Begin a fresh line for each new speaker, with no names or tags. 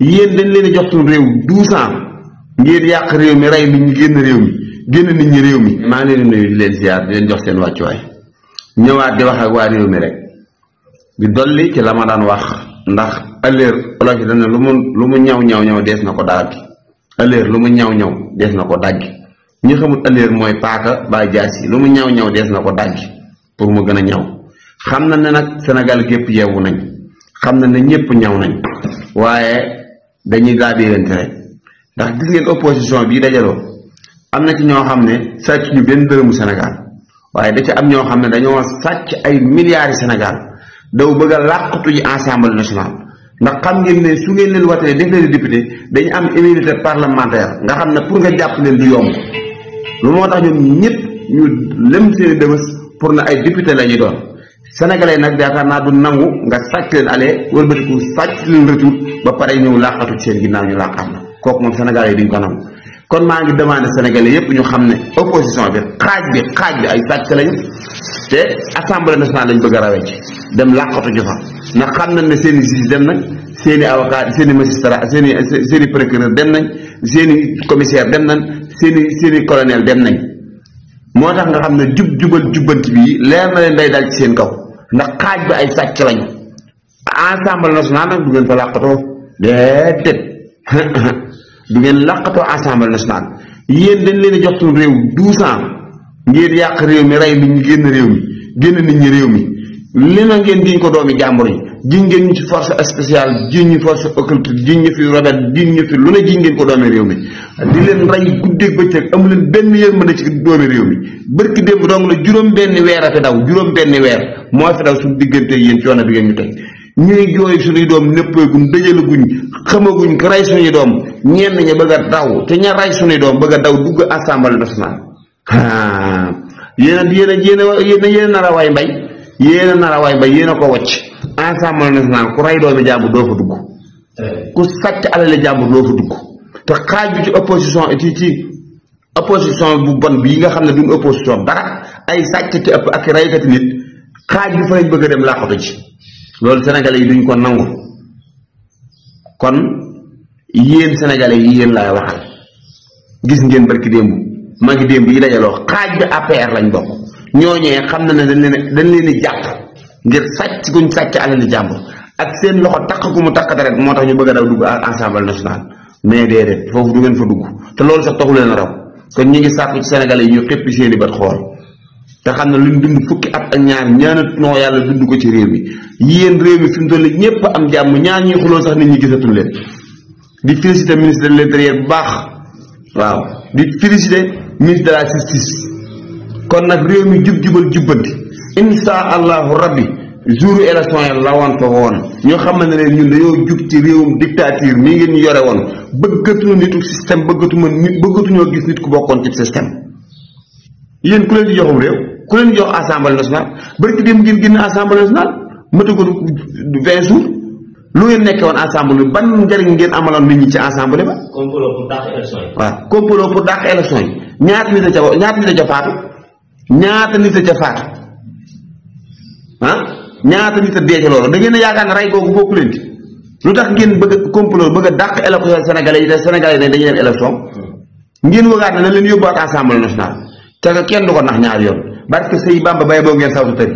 yéen dañ leen jox suñu réew mi douze ans ngeen yàq réew mi rey bi ñu génn réew mi génn nit ñi réew mi. maa ngi leen di nuyu di leen ziar di leen ñëwaat di wax ak waa réew mi di dolli ci la ma wax ndax ëllëg olof yi dañ lu mu lu mu ñaw ñaw ñaw dees na ko daal ëllëg lu mu ñaw ñaw dees na ko dagg ñi xamul ëllëg mooy paaka ba jaas lu mu ñaw ñaw dees na ko dagg pour mu gën a ñaw xam na ne nag Sénégal gépp yeewu nañ xam na ne ñëpp ñaw nañ waaye. dañuy gaabeerante rek ndax gis ngeen opposition bii dajaloo am na ci ñoo xam ne sàcc ñu benn dërëmu Sénégal waaye da ci am ñoo xam ne dañoo sàcc ay milliards yi Sénégal daw bëgg a làqatu ji assemblée nationale ndax xam ngeen ne su ngeen leen watee def leen député dañu am immunité parlementaire nga xam ne pour nga jàpp leen du yomb lu moo tax ñoom ñëpp ñu lëm seen dëbës pour na ay député la ñu doon sénégalais nag yaakaar naa du nangu nga sàcc leen aller wëlbatiku sàcc leen retour ba pare ñëw laaxatu seen ginnaaw ñu laaxaat na kooku moom sénégalais yi duñ ko nangu kon maa ngi demandé sénégalais yépp ñu xam ne opposition bi xaaj bi xaaj bi ay sàcc lañ te assemblée nationale lañ bëgg a rawee ci dem laaxatu ji fa ndax xam nañ ne seen i juge dem nañ seen i avocat seen i magistrat seen i seen dem nañ seen i commissaire dem nañ seen i seen dem nañ moo tax nga xam ne jub jubal jubbanti bii leer na leen day dal ci seen kaw ndax xaaj ba ay sàcc lañu assemblée nationale nag du ngeen fa làqatoo déedéet du ngeen làqatoo assemblée nationale yéen dañ leen a jox suñu réew douze ans ngeen yàq réew mi rey bi ñu génn réew mi génn nit ñi réew mi li na ngeen jiñ ko doomi jàmbur yi jiñ ngeen ñu ci force spéciale jiñ ñu force occulte jiñ ñu fi robet jiñ ñu lu ne jiñ ngeen ko doomi réew mi di leen rey guddeeg bëccëg amu leen benn yërmande ci doomi réew mi bërki démb dong la juróom benn weer a fi daw juróom benn weer moo fi daw suñu diggante yéen coono bi ngeen ñu teg ñuy jooy suñuy doom nëppeeguñ dëjalaguñ xamaguñ ka rey suñuy doom ñenn ñi bëgg a daw te ña rey suñuy doom bëgg a daw dugg assemblée nationale yéen a yéen a yéen a yéen a nar a mbay yéen a nar mbay yéen ko wàcc assemblée nationale ku rey doomi jàmbur doo fa dugg ku sàcc alali jàmbur doo fa dugg te xaaj bi ci opposition ci ci opposition bu bon bii nga xam ne duñ opposition dara ay sàcc ak raykati nit xaaj bi fa lañ bëgg a dem làqatu ci loolu sénégalais yi duñ ko nangu kon yéen sénégalais yi yéen laay waxal gis ngeen barki démb maa ngi démb yi dajaloo xaaj bi APR lañ bokk ñooñee xam na ne dañ leen dañ leen di jàpp ngir sàcc guñ sàcc alali jàmbur ak seen loxo takk gu mu takk rek moo tax ñu bëgg a daw dugg assemblée nationale mais déedéet foofu du ngeen fa dugg te loolu sax taxu leen a raw kon ñu ngi sàkku ci senegal yi ñu xëpp seeni bët xool te xam ne luñ dund fukki at ak ñaar ñaanat yàlla dund ko ci réew mi yéen réew mi fi mu toll ñëpp am jàmm ñaar ñuy xuloo sax nit ñi gisatu leen di félicité ministre de l'intérieur bu baax waaw di félicité ministre de la justice kon nag réew mi jub jubal jubbanti insha allahu rabbi jouru élection yi la woon fa woon ñoo xam ne leen ñu dañoo jub ci réewum dictature mii ngeen ñu yore woon bëggatuñu nitu système bëggatu ma nit bëggatuñoo gis nit ku bokkoon ci système yeen ku leen di joxum réew ku leen jox assemblée nationale barki dem ngeen génn assemblée nationale matagul vingt jours lu ngeen nekkee woon assemblée ban njëriñ ngeen amaloon nit ñi ci assemblée ba. complot pour dàq élection yi. waaw complot pour dàq élection yi ñaata nit a ca ñaata nit a ca faatu ñaata nit a ca faatu ah ñaata nit a dee ca loolu da ngeen a yaakaar ne rey googu bokku leen ci lu tax ngeen bëgg a complot bëgg a dàq élection Sénégalais yi te Sénégalais yi dañuy leen élection hmm. ngeen wëgaat ne na leen yóbbuwaat assemblée nationale. te kenn du ko nax ñaar yoon barke sëñ Bamba bay boo ngeen saw su tëri